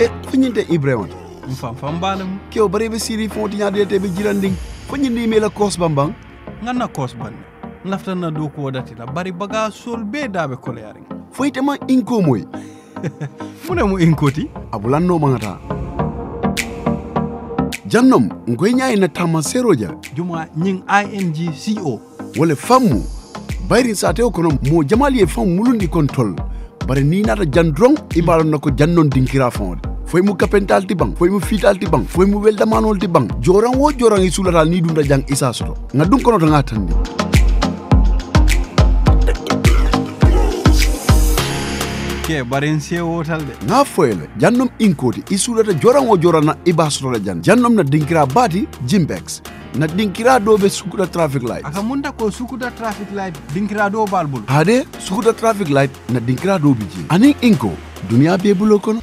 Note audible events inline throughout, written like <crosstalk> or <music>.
e fañinte ibrahima to mi fam fam mbalamo kew bareɓe siri fontiñade teɓe jiran ndin fañinde yimela kosbam ban ganna kosbanne laftanna dow ko wodatila bari baga sol be daɓe koleyaren foytema inko moy <laughs> mune mo inkoti abulannomagata jannom ngoy na tama seroja juma ñing co e wala fammu bayri sa tew kono mo jamali e fam mulundi kon tol bare ni nata jan dron ibalon nako jannon dinkira fonde Foi mu kapental ti bang foi mu fital ti bang foy mu welda manol ti bang joran wo joran e sulata ni dunda jang isa soto kono to ngatandi ke barin se wotal de na foyle jannum inkoti isulata joran wo jorana ibasrola jan jannum na dinkira bati jimbex na dinkira do be sukuda traffic light aka munda ko sukuda traffic light dinkira do balbul hade sukuda traffic light na dinkira do biji anin inko dunia be bulo kono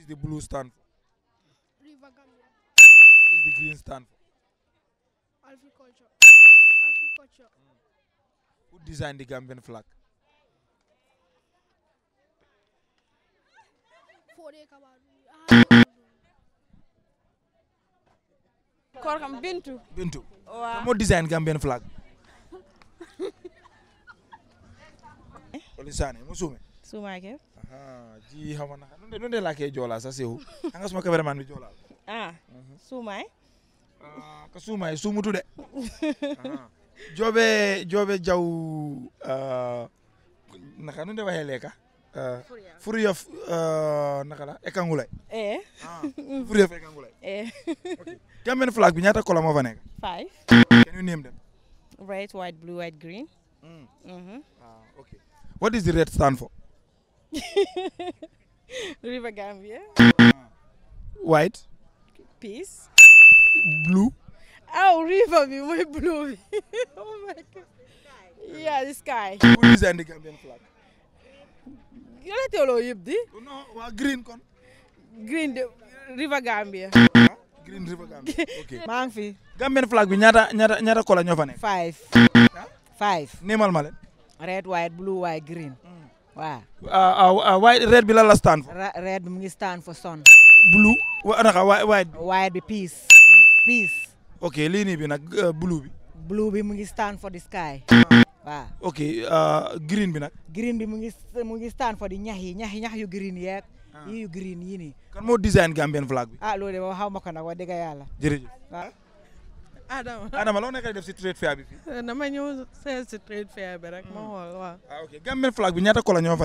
is the blue stand for? River Gambia. What is the green stand for? Agriculture. Agriculture. Ah. Bintu. Bintu. Moo design Gambian flag. Oli Sane mo suume. Suumaake. ha ah, ji hawana nunde nunde lake ya jola sa sehu angas mo cameraman mi jola ah mhm. sumay eh? ah ko sumay eh, sumutude ah, jobe jobe jaw uh, ah, naka nunde wahele ka uh, furia uh, naka la ekangulay eh ah furia ekangulay eh okay gamen flag bi ñata color mo fa nek 5 can you name them red white blue white green mm. mm -hmm. ah okay what does the red stand for <laughs> River Gambia. White. Peace. Blue. Oh, river bi mooy blue bi. <laughs> oh my sky. Who is the Gambian flag? yàlla teeloo yëpp di. non waa green kon. green <laughs> flag bi ñaata kola ñoo fa five. five. néemal red white blue white green. Mm. waaw. Ah, ah, ah, waaye red bi lan la stand for. red bi mu ngi stand for son. blue wa naka white. white bi peace. ok lii nii bi nag eh, blue bi. blue bi mu ngi stand for the sky. ok green bi nag. green bi mu ngi mu ngi stand for di ñax yi ñax yi ñax yu green yeeg. yii yu green yii nii. kan moo design Gambian flag bi. ah loolu de ma xaw ma ko nag wax dëgg yàlla. jërëjëf. Adam. <laughs> Adam, loo nekk di def si trade fair bi fii. dama ñëw seet si trade fair bi rek. Hmm. ma xool waaw. ah ok Gambian flag bi ñaata couleur ñoo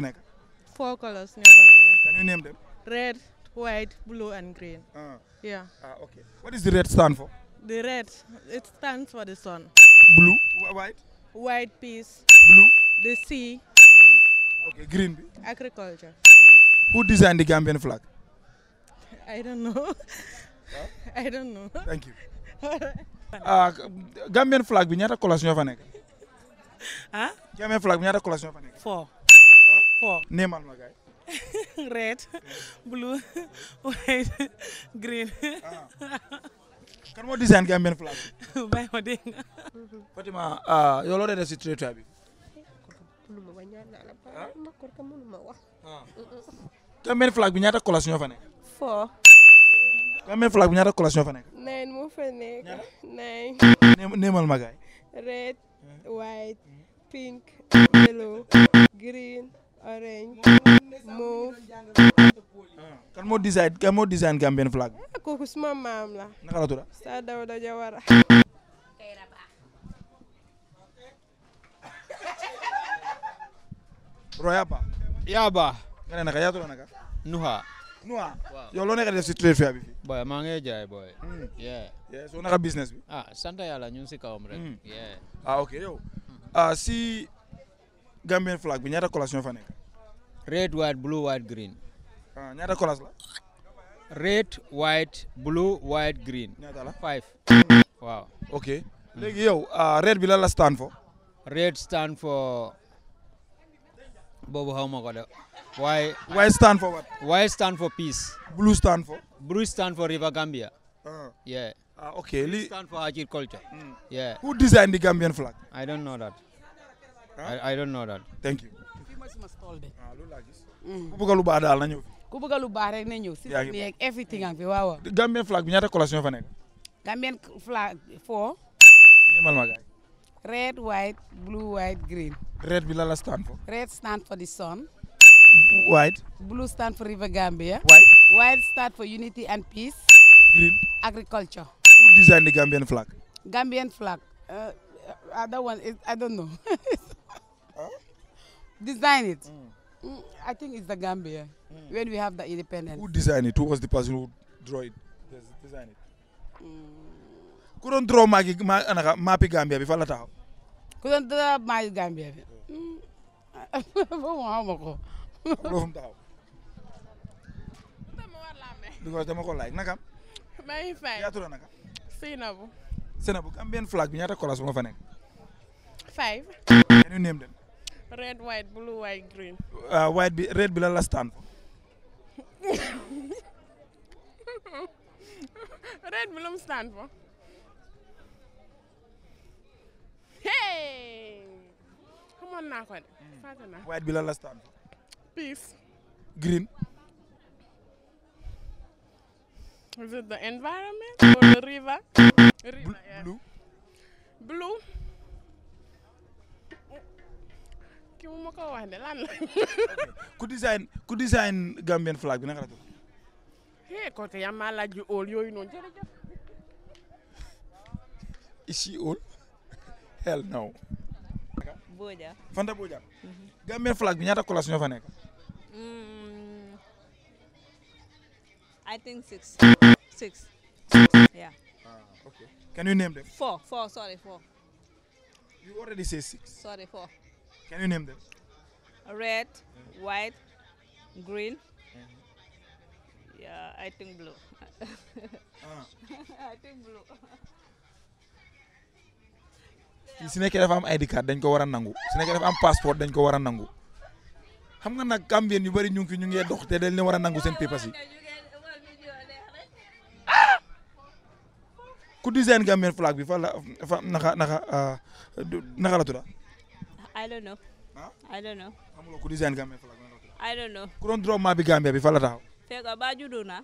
four colors ñoo can you name them. red white blue and green. ah yeah. ah ok What does the red stand for. the red it stands for the sun. blue white. white peace. blue. the sea. Hmm. okay green bi. agriculture. Hmm. who designed the Gambian flag. I don't know. <laughs> I don't know. Thank you. <laughs> ah Gambian flag bi ñaata collation ñoo fa nekk. ah. Gambian néemal ma gaay. <laughs> red blue white green. Ah. kan moo design Gambian flag bi. bàyyi <laughs> ma dégg nga. Fatima ah, yow loo dee def si traitoire bi. Ah. flag bi ñaata collation ñoo fa nekk. four. waa même flag bi ñaata collation ñoo fa nekk. nine moo fa nekk. nine. néemal ma gaay. red hmm. white hmm. pink yellow green orange move. Hmm. kan moo design kan moo design Gambian flag. kooku ya, suma maam la. naka la tudd. Sir Dawda Jawara. Royapa. Yaba. Nga kan ne naka yaa tudd kan naka. Nuha. noir yow loo nekk def si trade bi fii boy maa ngay jaay booy hmm. yeah soo naka business bi ah sant yàlla ñu ngi si kawam rek hmm. yeah ah ok yow ah si Gambian flag bi ñaata couleurs ñoo fa nekk red white blue white green ah ñaata la red white blue white green ñaata la five waaw ok léegi yow ah, red bi lan stand for red stand for boobu xaw ma ko Why? waaye. stand for what. Why stand for peace. blue stand for. blue stand for River Gambia. Uh-huh. yeah. ah okay blue stand for agriculture. Hmm. yeah. who designed the Gambian flag. I don't know that. I I don't know that. thank you. Ah, hmm. ku lu baax daal na lu baax rek na ñëw. everything am Gambian flag binyata ñaata collation fa nekk. Gambian flag four. ñemal ma gaay Red, white, blue, white, green. Red bi la la stand for. Red stand for the sun. White. Blue stand for River Gambia. White. White stand for unity and peace. Green. Agriculture. Who designed the Gambian flag? Gambian flag. Uh, other uh, one, I don't know. <laughs> huh? Design it. Mm. mm. I think it's the Gambia mm. when we have the independence. Who designed it? Who was the person who drew it? Design it. Mm. ku doon draw maagi ma anaka maapi Gambia bi fa la taxaw. ku doon draw maagi Gambia bi foofu mm. <laughs> ma xaw ma ko. loolu taxaw. because dama ko laaj naka. maa ngi fay yaa tudd naka. Seynabou. Seynabou Gambian flag bi ñaata colors moo fa nekk. five. red white blue white green. Uh, white bi red bi lan la stand <laughs> red bi lu mu stand xamoon naa ko de fàtte naa white bi lan la stand peace green is it the environment or the river river yeah. blue blue ki mu ma ko wax de lan la ku design ku design Gambian flag bi naka la tudd hé côté yaa ma laaj yu yooyu noonu jërëjëf is she old hell no Boja. Fanta Boja. Gambia flag bi ñaata couleurs ñoo fa nek mm, I think six. Six. Yeah. Ah, okay. Can you name them? Four. Four. Sorry, four. You already say six. Sorry, four. Can you name them? Red, white, green. Mm -hmm. Yeah, I think blue. <laughs> ah. I think blue. <laughs> su nekkee dafa am ID card dañ ko war a nangu su nekkee dafa am passeport dañ ko war a nangu xam nga nag Gambien yu bari ñu ngi fi ñu ngi dox te dañ leen war nangu seen papers yi ku design Gambien flag bi fa la fa naka naka ah, naka la tudda I don't know I don't know amuloo ku design Gambien flag I don't know ku doon draw maa bi Gambia bi fa la taxaw fekk ba juddu naa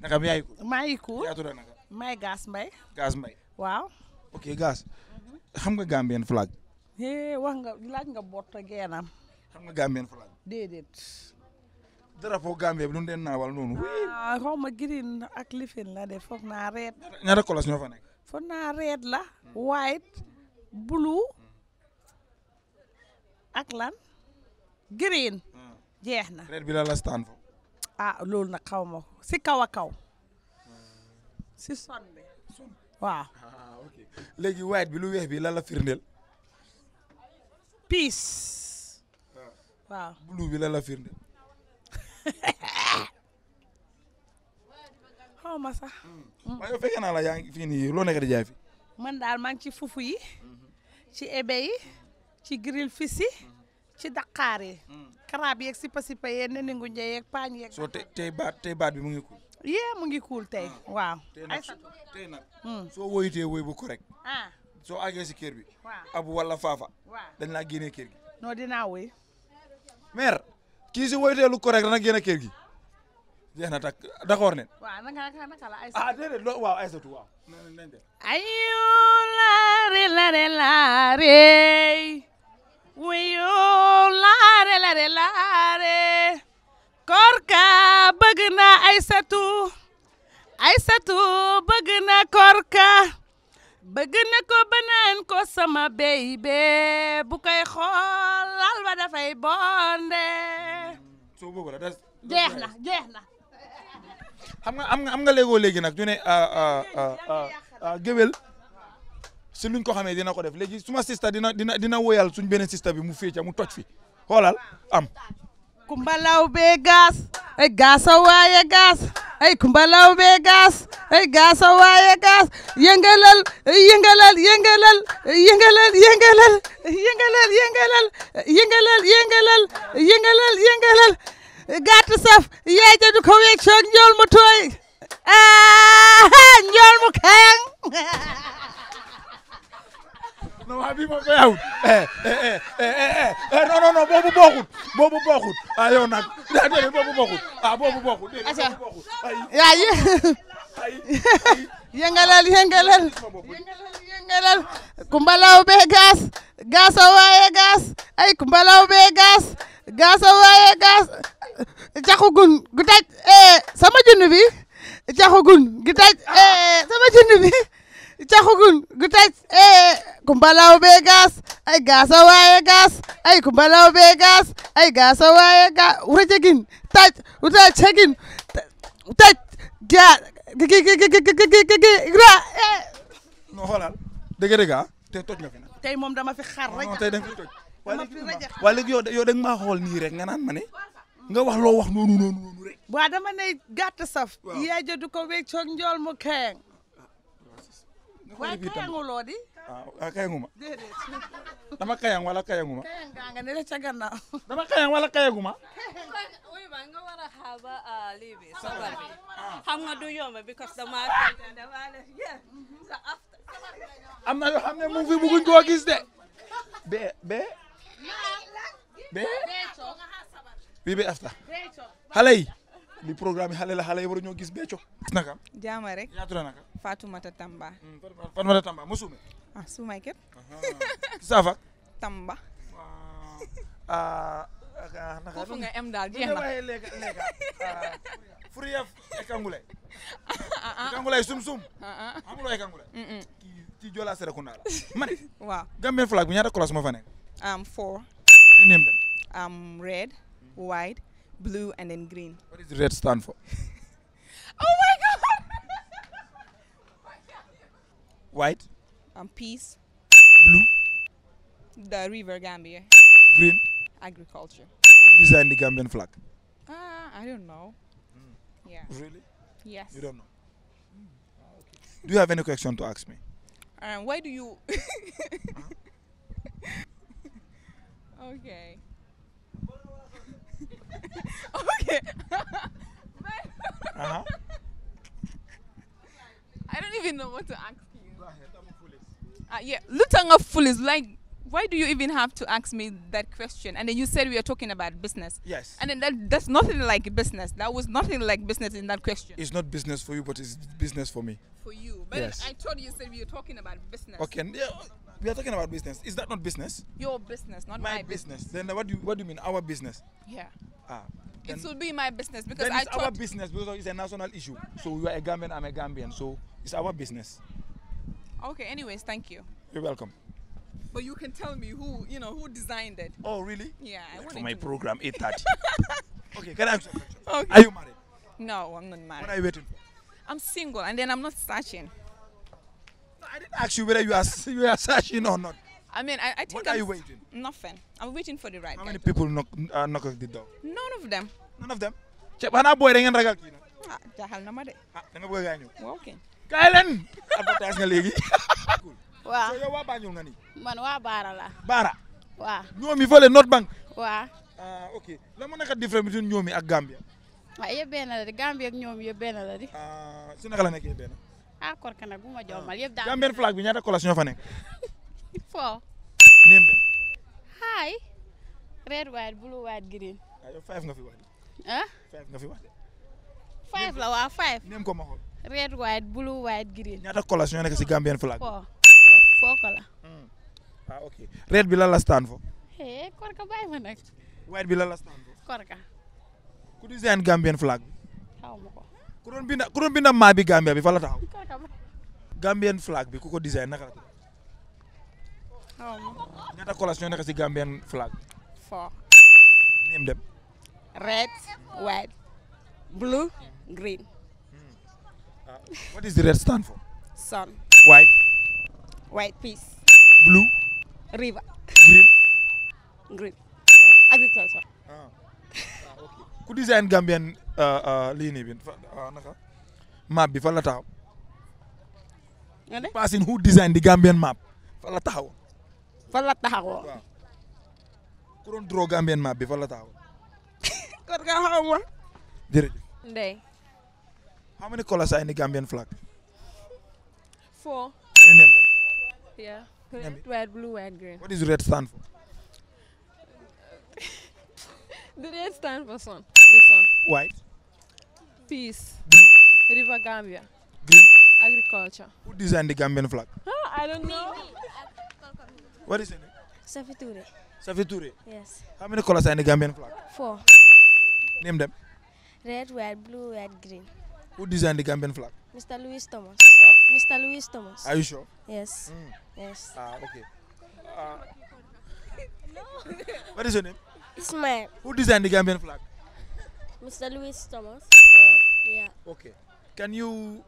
naka mi yaay maa ku yaa tudda naka maay Gaas Mbay Gaas Mbay waaw ok gaas xam nga Gambian flag. eh wax nga laaj nga bott geenam. xam nga Gambian flag. déedéet. drapeau Gambie bi lu den naawal noonu. ah xaw ma green ak lifin la de foog naa red. ñaata couleurs ñoo fa nekk. foog naa red la. white blue ak lan. green. Hmm. jeex na red bi la la stand fo. ah loolu na xaw ma ko si kaw a kaw. Hmm. si son bi. waaw. Ah. legi white bi lu weex bi la la firndel peace. Ah. waaw blue bi la la firndel Oh <laughs> ma sax. ma hmm. yo fekkee la yaa fi ni lo nek di jay fi. man dal mang ci fufu yi. Mhm. ci ebe yi. ci grill fisi mhm. ci dakar yi. karaab hmm. pasi sipa sipa ngu neningu yek pañ paañ so te te baat te baat bi mu ngi ko. yee mu ngi cool tey ah. waaw. tey nag hmm. woy bu correct. Ah. soo àggee si kër bi. abu wala faafa. waaw laa génnee kër gi. non woy. mère kii si lu correct dana génne kër gi. jeex na laare laare laare. wuyu laare laare laare. korka bëgg na Aysatu Aysatu bëgg na korka bëgg na ko banaan ko sama bébé bu koy xool lal ba dafay bonde soo la jeex na jeex na xam nga am nga am nga léegoo léegi nag ñu ne ah, ah, ah, géwél si luñ ko xamee dina ko def léegi suma sista dina dina dina woyal suñ beneen sista bi mu fii ca mu toj fi xoolal am kumbalaw bee gaas ay gaasa waaye gaas ay kumbalaw bee gaas ay gaasa waaye gaas yëngalal yëngalal yëngalal yëngalal yëngalal yëngalal yëngalal yëngalal yëngalal yëngalal yëngalal gàtt saf yaay ja du ko weeg soog njool mu tooy ah njool mu kaang <laughs> na waa bii moom bayawut eh eh eh eh non non non boobu bokkut boobu bokkut ah yow nag ah déedéet boobu bokkut ah boobu bokkut déedéet boobu bokkut yaa yi yëngalal yëngalal yëngalal kumbalaw bee gaas gaasa waaye gaas ay kumbalaw bee gaas gaasa waaye gaas caxugun gu taj eh, sama junni bi caxugun gu taj eh, sama junni bi caxugun gu taj ee kumbalaw bee gaas ay gaasa waaye gaas ay kumbalaw bee gaas ay gaasa waaye gaas wurajagin taj wuta cagin taj ja ra ee non xoolal dëgg dëgg ah tey toj nga fi nag tey moom dama fi xar rek tey danga fi toj waa léegi yow yow da nga maa xool nii rek nga naan ma ne nga wax loo wax noonu noonu rek waa dama ne gàtt saf yaajo du ko wéccoog njool mu keeng waaye kayanguloo di. Ah, ah kayanguma. déedéet. dama kayang wala kayanguma. kayang gaa nga ne la ca gannaaw. nga war a xaaba lii ah, nga du because dama ah. dama def sa after. am na yoo xam ne mu li programme xale la xale yi waru ñoo gis becco naka jaama rek yaa tudd naka Fatoumata Tamba hmm, Fatoumata Tamba mo suume ah suumay ket safa Tamba ah foofu nga am daal jeex na Ah, ah, ah ekangule eh, ekangule ah, sum sum amuloo ekangule ci jola serekunda la man waaw Gambian flag bi ñaata couleur ma fa nekk am four um red white blue, and then green. What does red stand for? <laughs> oh my God! <laughs> White. Um, peace. Blue. The river Gambia. Green. Agriculture. Who designed the Gambian flag? Uh, I don't know. Mm. Yeah. Really? Yes. You don't know? Hmm. Do you have any question to ask me? Um, why do you... <laughs> okay okay. uh-huh. <laughs> I don't even know what to ask you. Go ahead, I'm foolish. Uh, yeah, Lutanga foolish. Like, why do you even have to ask me that question? And then you said we are talking about business. Yes. And then that that's nothing like business. That was nothing like business in that question. It's not business for you, but it's business for me. For you. But yes. I told you said we were talking about business. Okay. Yeah. We are talking about business. Is that not business? Your business, not my, my business. business. Then what do you, what do you mean? Our business. Yeah. Ah. It should be my business because then I it's our business because it's a national issue. So you are a Gambian, I'm a Gambian. So it's our business. Okay. Anyways, thank you. You're welcome. But you can tell me who you know who designed it. Oh really? Yeah. I for my program, eight thirty. <laughs> okay. Can I ask you a question? Okay. Are you married? No, I'm not married. What are you waiting for? I'm single, and then I'm not searching. I didn't ask you whether you are <laughs> you are searching or not. I mean, I, I think. What I'm, are you waiting? Nothing. I'm waiting for the right. How many to. people knock uh, knock at the door? None of them. None of them. Cep xanaa booy da ngeen ragal kii nag. ah jaaxal ah, na ma de. ah da nga bëgg a ñëw. waaw kay. kaay leen. advertise nga léegi. <laughs> waaw yow waa Banjul nga nii. man waa Baara la. Baara. waaw ñoomi fële North Bank. waaw. ah ok lan moo nekk différence between ñoomi ak Gambia. waaw yëpp benn la de Gambia ak ñoomi yëpp benn la de. ah su naka la nekkee benn. ah korka nag bu ma joomal ah. flag bi ñaata collation fa nekk. <laughs> foo. Nembe. hi. red white blue white green. Ah, five nga fi wax ah? five nga fi wax de. five la waa five. nem ko ma xool. red white blue white green. ñaata collation nekk si Gambian flag bi. foo foo la. Hmm. red bi la stand fo. eh korka bàyyi ma nag. white bi la stand fo. korka. ku design Gambian flag ku doon binda ku doon binda maa bi Gambia bi fa la Gambian flag bi kuko design naka la tudd. xaw ma. Gambian flag. four. Name dem. red white blue green. Hmm. Uh, what is the red stand for? Sun. White. White peace. Blue. River. Green. Green. Huh? Agriculture. Ah. ah okay. Ku design Gambian euh euh lini bi Uh, naka? Map bi fa la taw nga who design the Gambian map Fala la taxaw. fan draw Gambian map bi fan la taxaw. kon nga how many colors are in the Gambian flag. four. Can you name them? Yeah. Red, blue, white, green. What does red stand for? <laughs> the red stand for sun. This one. White. Peace. Blue. River Gambia. Agriculture. Who designed the Gambian flag? I don't know. what is it? Safiture. Safiture? Yes. How many colors are in the Gambian flag? Four. Name them. Red, white, blue, red, green. Who designed the Gambian flag? Mr. Louis Thomas. Huh? Mr. Louis Thomas. Are you sure? Yes. Mm. Yes. Ah, okay. Uh, <laughs> no. <laughs> what is your name? Ismail. Who designed the Gambian flag? Mr. Louis Thomas. Ah. Yeah. Okay. Can you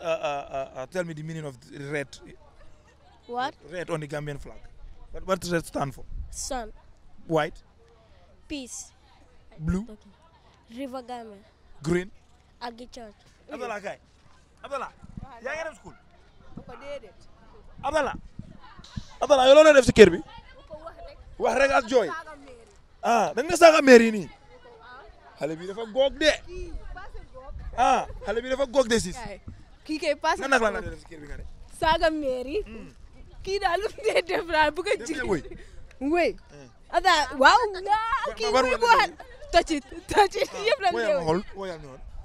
Uh, uh, uh, uh, tell me the meaning of red. What? Red on the Gambian flag. What, red stand for? Sun. White. Peace. Blue. River Gambia. Green. Agi Church. Abdallah kay. Abdallah. yaa ngi dem school. Abdallah. Abdallah yow loolu def si kër bi. wax rek ak jooy. ah dañ nga saaga meer yi nii. xale bi dafa goog de. ah xale bi dafa goog de siis. kike pas nana la de saga mairie ki dalu de def la bu ko jigi way ada wow, nga ki bu bo han touch it touch it yeb la ndew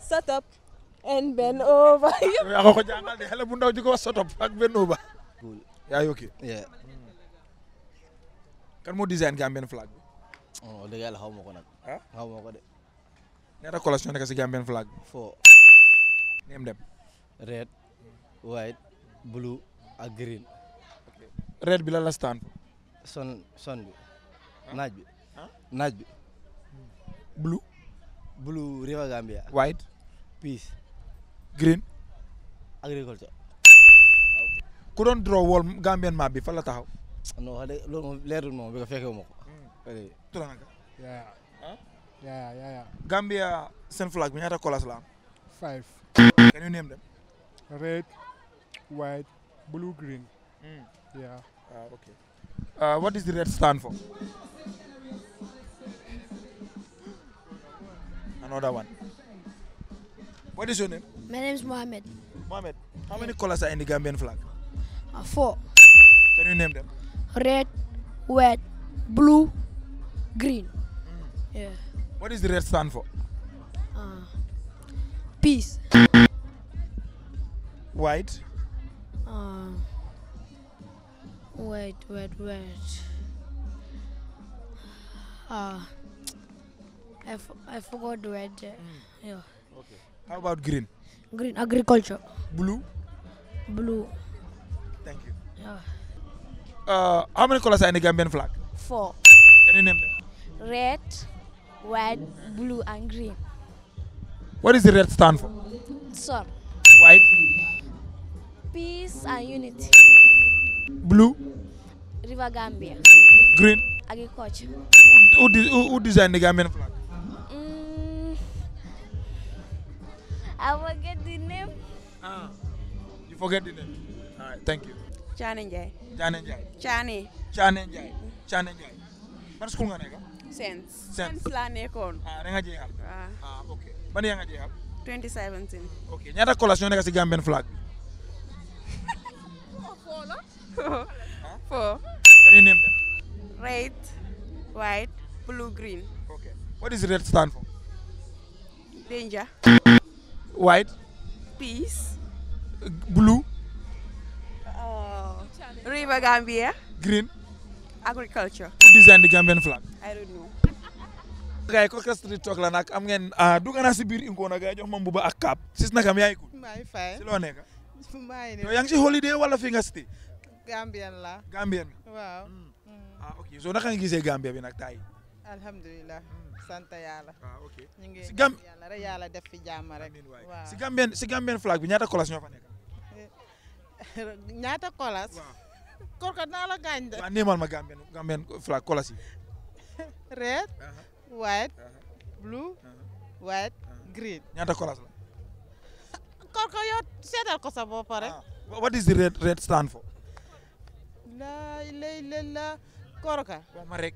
set up and bend over yeb ya ko jangal de xele bu ndaw jiko set up ak bend over ya ki yeah hmm. kan mo design gambian flag oh deug yalla xawmako nak ah? xawmako de ra collation nek ci gambian flag fo nem dem red, white, blue, a green. Red bila la time? Sun, sun bi. Huh? Blue? Blue River Gambia. White? Peace. Green? Agriculture. Okay. Ku draw wall Gambian map bi fa la taxaw? No, hade lo moom leerul moom bi ko fekke mo. ko. Tura nga? Yeah. Ya Yeah, yeah, yeah. Ya, ya. Gambia sen flag bi ñaata colas la Five. Can you name them? red, white, blue, green. Mm. Yeah. Ah, okay. Uh, what does the red stand for? Another one. What is your name? My name is Mohammed. Mohammed, how many colors are in the Gambian flag? Uh, four. Can you name them? Red, white, blue, green. Mm. Yeah. What does the red stand for? Uh, peace white? Uh, wait, wait, wait. Uh, I, I forgot the red. Uh, hmm. yeah. Okay. How about green? Green agriculture. Blue? Blue. Thank you. Yeah. Uh, how many colors are in the Gambian flag? Four. Can you name them? Red, white, blue, and green. What does the red stand for? Sun. White? peace and unity. Blue. River Gambia. Green. Agriculture. Who, who, who designed the Gambian flag? Mm, I forget the name. Ah, you forget the name. All right, thank you. Chanenjai. Chanenjai. Chani. Chanenjai. Chanenjai. What school nga nekk? Sense. Sense laa nekkoon. Ah, da Ah. Ah, okay. Ban yaa nga jeexal? 2017. Okay, ñaata collation nekk si Gambian flag Color? Red, white, blue, green. Okay. What does red stand for? Danger. White? Peace. Blue? Uh, River Gambia. Green? Agriculture. Who I la nag am ngeen ah, dugg naa si biir Ngor na gaay jox ma mbuba ak kaap sis nakam yaay ko. si loo nekk. Ya. Yang si holiday wala fi nga city? Gambian la. Gambian. Mm. Ah okay. So nak kan nga Gambia bi nak tay? Alhamdulillah. Hmm. Santa yàlla. Ya ah okay. ngi si Gambia yàlla re yàlla ya def fi rek. Wow. Si Gambian si Gambian flag bi ñata colas ño fa ñata colas. kolas? <laughs> <laughs> Kor ko na la gañ de. Waaw ma Gambian Gambian flag kolasi. yi. <laughs> Red, white, blue, white, green. Ñata kolas la? kor ko yow seetal ko sa bopp rek. Ah, what is the red stand for. laa lay lay la korka. wax ma rek.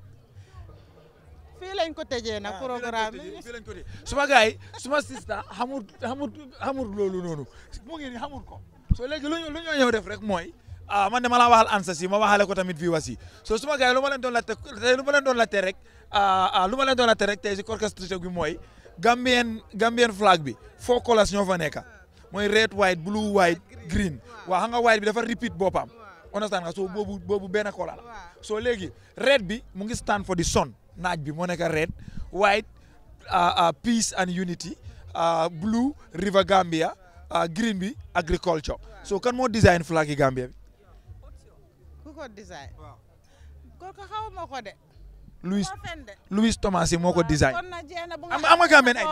fii lañ ko tëjee nag ah, programme bi fii lañ ko tëjee suma gars yi suma sista xamul xamul xamul loolu noonu mu ngi nii xamul ko soo léegi lu ñu lu ñëw def rek mooy a ah, man de ma la waxal ansa si ma waxale ko tamit fii wasi soo suma gars yi lu ma leen doon laajte tey lu ma leen doon rek lu ma leen doon rek tey si bi mooy Gambien Gambien flag bi foo colas ñoo fa nekka mooy red white blue white green waaw xam nga white bi dafa repeat boppam understand nga soo boobu boobu benn kola la soo léegi red bi mu ngi stand for the sun naaj bi moo nekk red white uh, uh, peace and unity uh, blue river Gambia green bi agriculture so kan moo design flag yi Gambia bi. ku ko design. kooku moo ko design. am nga Gambien ay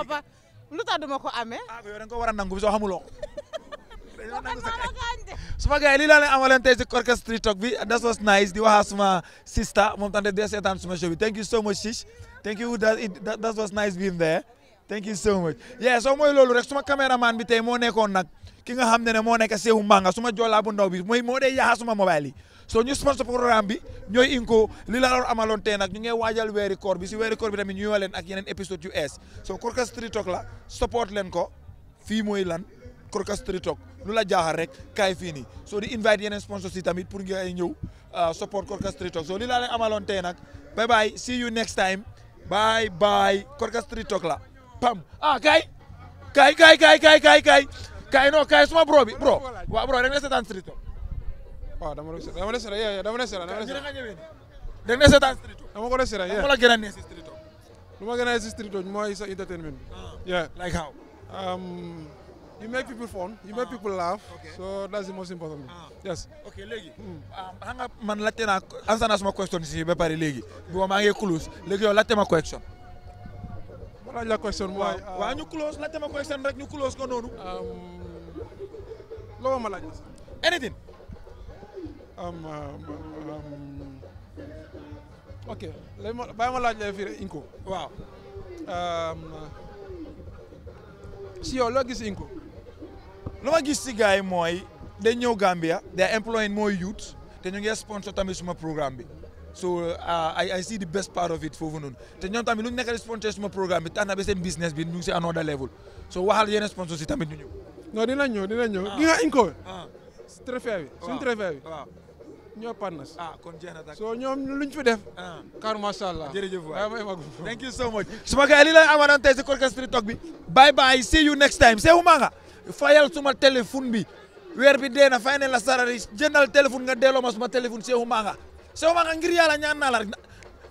lu tax duma ko amee. ah yow da nga ko war a nangu soo xamuloo ko. <laughs> <laughs> suma gars lii laa leen amaleen tey Talk bi that was nice di waxaa suma sista moom tamit di seetaan suma show thank you so much Ciss thank you that that was nice being there. thank you so much yeah soo mooy loolu rek suma caméraman bi tey moo nekkoon nag ki nga xam ne ne moo nekk Seewu Mbanga suma joolaa bu ndaw bi mooy moo dee yaxa suma mobile yi so ñu sponsor programme bi ñooy inko li amaloon tey nag ñu ngi waajal weeri koor bi si weeri koor bi tamit ñu yoo leen ak yeneen épisode yu ees so Korka Street Talk la support leen ko fii mooy lan Korka Street Talk lu la jaaxal rek kaay fii ni so di invite yeneen sponsors yi tamit pour nga ñëw uh, support Korka Street Talk so li la leen amaloon tey nag bye bye see you next time bye bye Korka Street la pam ah kaay kaay kaay kaay kaay kaay kaay kaay non kaay suma bro bi bro waaw bro da nga seetaan street talk waaw dama la dama la sera yee dama la sera dama la sera da nga seetaan street talk dama ko la sera yee dama la gën a ne si street talk lu ma gën a ne si street talk mooy sa entertainment ah. yeah like how um you make people fun you make ah. people laugh so that's the most important ah. yes ok léegi hmm. um, xam nga man laajte naa answer naa suma question si ba pare léegi bo maa ngi kulus léegi yow laajte ma question laaj la question waaw ñu close laajte ma question rek ñu close ko noonu. Um, loo ma laaj anything. Um, um, ok ma laaj la Inco. loo gis Inco. lu ma gis si gars yi mooy dañ ñëw Gambia they are employing more youth te ñu ngi sponsor tamit suma programme bi. so uh, I, I see the best part of it foofu noonu te ñoom tamit lu ñu nekk programme bi tax na ba seen business bi ñu ngi si another level so waxal yeneen sponsors yi tamit ñu ñëw. non dinañ ñëw dinañ ñëw. Ah. gi ah. bi suñu ah. kon jeex na tak so ñoom luñ fi def. kar macha allah jërëjëf waay may mag su ma kay li la amadoon tey si Korka Street Talk bi. bye bye see you next time seewu maa nga fayal suma téléphone bi weer bi dee na fay ne la sarari jëndal téléphone nga delloo ma suma téléphone seewu maa nga sewoma ma ngir yàlla ñaan naa la rek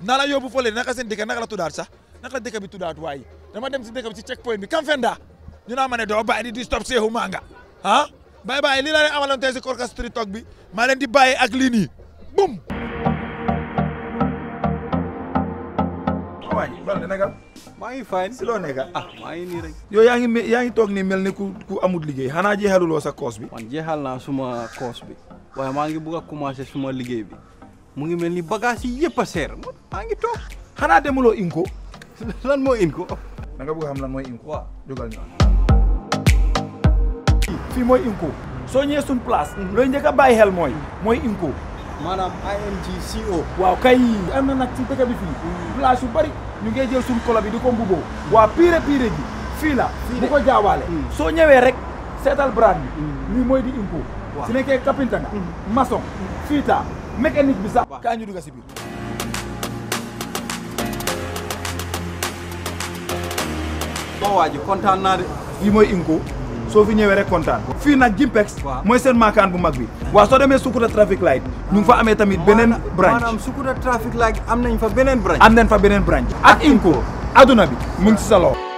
naa la yóbbu fële naka sen dëkk naka la tudar sa naka la bi tuddaat waay dama dem si deka bi ci checkpoint bi kam fenda ñu na mané do doo di stop seexu ma nga ah bye bye, li la lay amaloon tey si Korka Street Talk bi ma len di baye ak li ni bum waaw fine, silo nega, ngi ah maa ngi Yo rek. yangi yaa ni mel ni ku ku amut liggéey xanaa lo sa koos bi. man jeexal naa suma koos bi waaye maa ngi bugg a suma liggéey bi. mu ngi mel ni bagage yi yëpp a seer maa ngi toog. xanaa demuloo Inco. <laughs> lan moo Inco. da nga bëgg mooy Inco. waaw jógal ñu fii mooy Inco. soo ñëwee suñ place. Mhm. looy njëkk a bàyyi xel mooy. mooy Inco. maanaam INGCO. waaw kay am na nag ci fii. Mhm. place yu bari ñu ngi jël suñ kolo bi di ko mbuboo. waa pire pire ji fii la. bu ko jaawaale. Mhm. soo ñëwee rek seetal brand bi. lii mooy di Inco. waaw su nekkee kapinta nga. mécanique bi sax kaa ñu dugg si biir kontaan naa de fii mooy inko soo fi ñëwee rek kontaan fii nag Jimpex mooy seen maakaan bu mag bi waaw soo demee Sukuta traffic light ñu ngi fa amee tamit beneen branch maanaam Sukuta traffic light am nañ fa beneen branch am nañ fa beneen branch ak inko adduna bi mu ngi si sa loxo